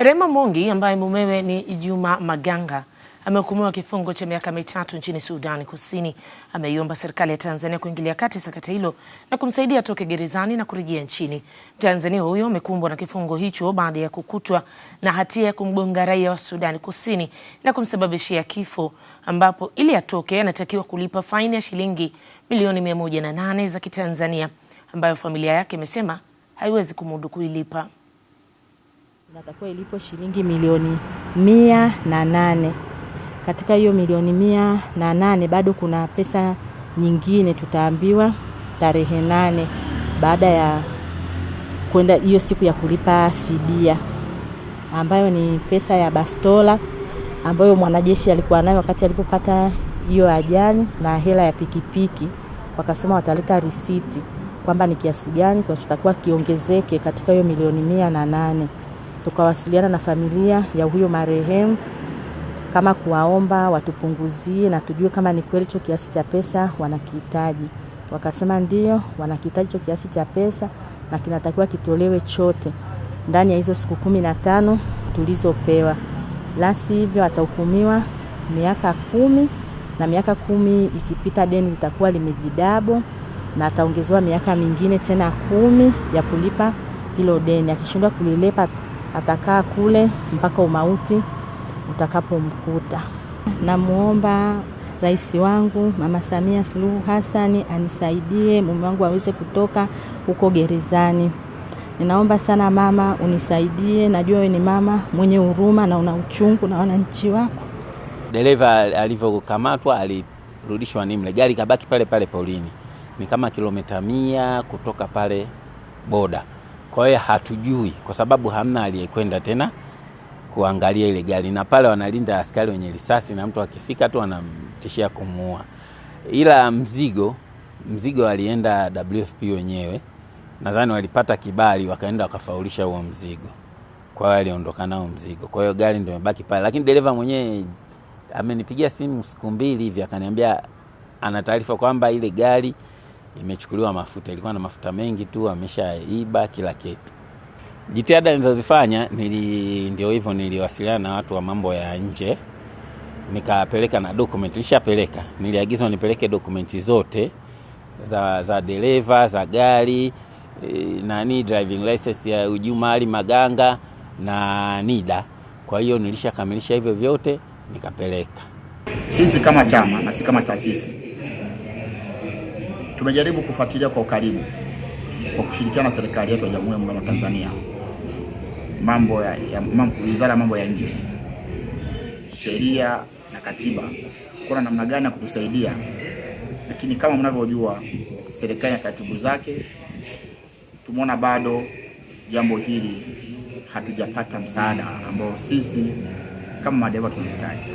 Rema Mongi ambaye mumewe ni Juma Maganga amehukumiwa kifungo cha miaka mitatu nchini Sudan Kusini ameiomba serikali ya Tanzania kuingilia kati sakata hilo na kumsaidia atoke gerezani na kurejea nchini. Tanzania huyo amekumbwa na kifungo hicho baada ya kukutwa na hatia ya kumgonga raia wa Sudan Kusini na kumsababishia kifo, ambapo ili atoke anatakiwa kulipa faini ya shilingi milioni mia moja na nane za Kitanzania ambayo familia yake imesema haiwezi kumudu kuilipa inatakiwa ilipwe shilingi milioni mia na nane. Katika hiyo milioni mia na nane bado kuna pesa nyingine tutaambiwa tarehe nane baada ya kwenda hiyo siku ya kulipa fidia ambayo ni pesa ya bastola ambayo mwanajeshi alikuwa nayo wakati alipopata hiyo ajali na hela ya pikipiki. Wakasema wataleta risiti kwamba ni kiasi gani tutakuwa kiongezeke katika hiyo milioni mia na nane tukawasiliana na familia ya huyo marehemu kama kuwaomba watupunguzie na tujue kama ni kweli hicho kiasi cha pesa wanakihitaji. Wakasema ndio wanakihitaji hicho kiasi cha pesa na kinatakiwa kitolewe chote ndani ya hizo siku kumi na tano tulizopewa, la sivyo atahukumiwa miaka kumi na miaka kumi ikipita deni litakuwa limejidabo na ataongezewa miaka mingine tena kumi ya kulipa hilo deni. Akishindwa kulilipa atakaa kule mpaka umauti utakapomkuta. Namwomba rais wangu Mama Samia Suluhu hasani anisaidie mume wangu aweze kutoka huko gerezani. Ninaomba sana mama, unisaidie. Najua wewe ni mama mwenye huruma na una uchungu na wananchi wako. Dereva alivyokamatwa alirudishwa Nimle, gari kabaki pale pale polini, ni kama kilomita mia kutoka pale boda. Kwa hiyo hatujui, kwa sababu hamna aliyekwenda tena kuangalia ile gari, na pale wanalinda askari wenye risasi, na mtu akifika tu anamtishia kumuua. Ila mzigo mzigo alienda WFP wenyewe, nadhani walipata kibali, wakaenda wakafaulisha huo mzigo, kwa hiyo aliondoka nao mzigo. Kwa hiyo gari ndio imebaki pale, lakini dereva mwenyewe amenipigia simu siku mbili hivi, akaniambia ana taarifa kwamba ile gari imechukuliwa mafuta, ilikuwa na mafuta mengi tu, ameshaiba kila kitu. Jitihada nilizozifanya nili, ndio hivyo, niliwasiliana na watu wa mambo ya nje, nikapeleka na document, nilishapeleka, niliagizwa nipeleke document zote za, za dereva za gari e, nani driving license ya Ujumali Maganga na NIDA. Kwa hiyo nilishakamilisha hivyo vyote nikapeleka. Sisi kama chama na si kama taasisi tumejaribu kufuatilia kwa ukaribu kwa kushirikiana na serikali yetu ya Jamhuri ya Muungano wa Tanzania, mambo ya, ya Wizara ya Mambo ya Nje, sheria na katiba, kuna namna gani ya kutusaidia. Lakini kama mnavyojua serikali na taratibu zake, tumeona bado jambo hili hatujapata msaada ambao sisi kama madereva tunahitaji.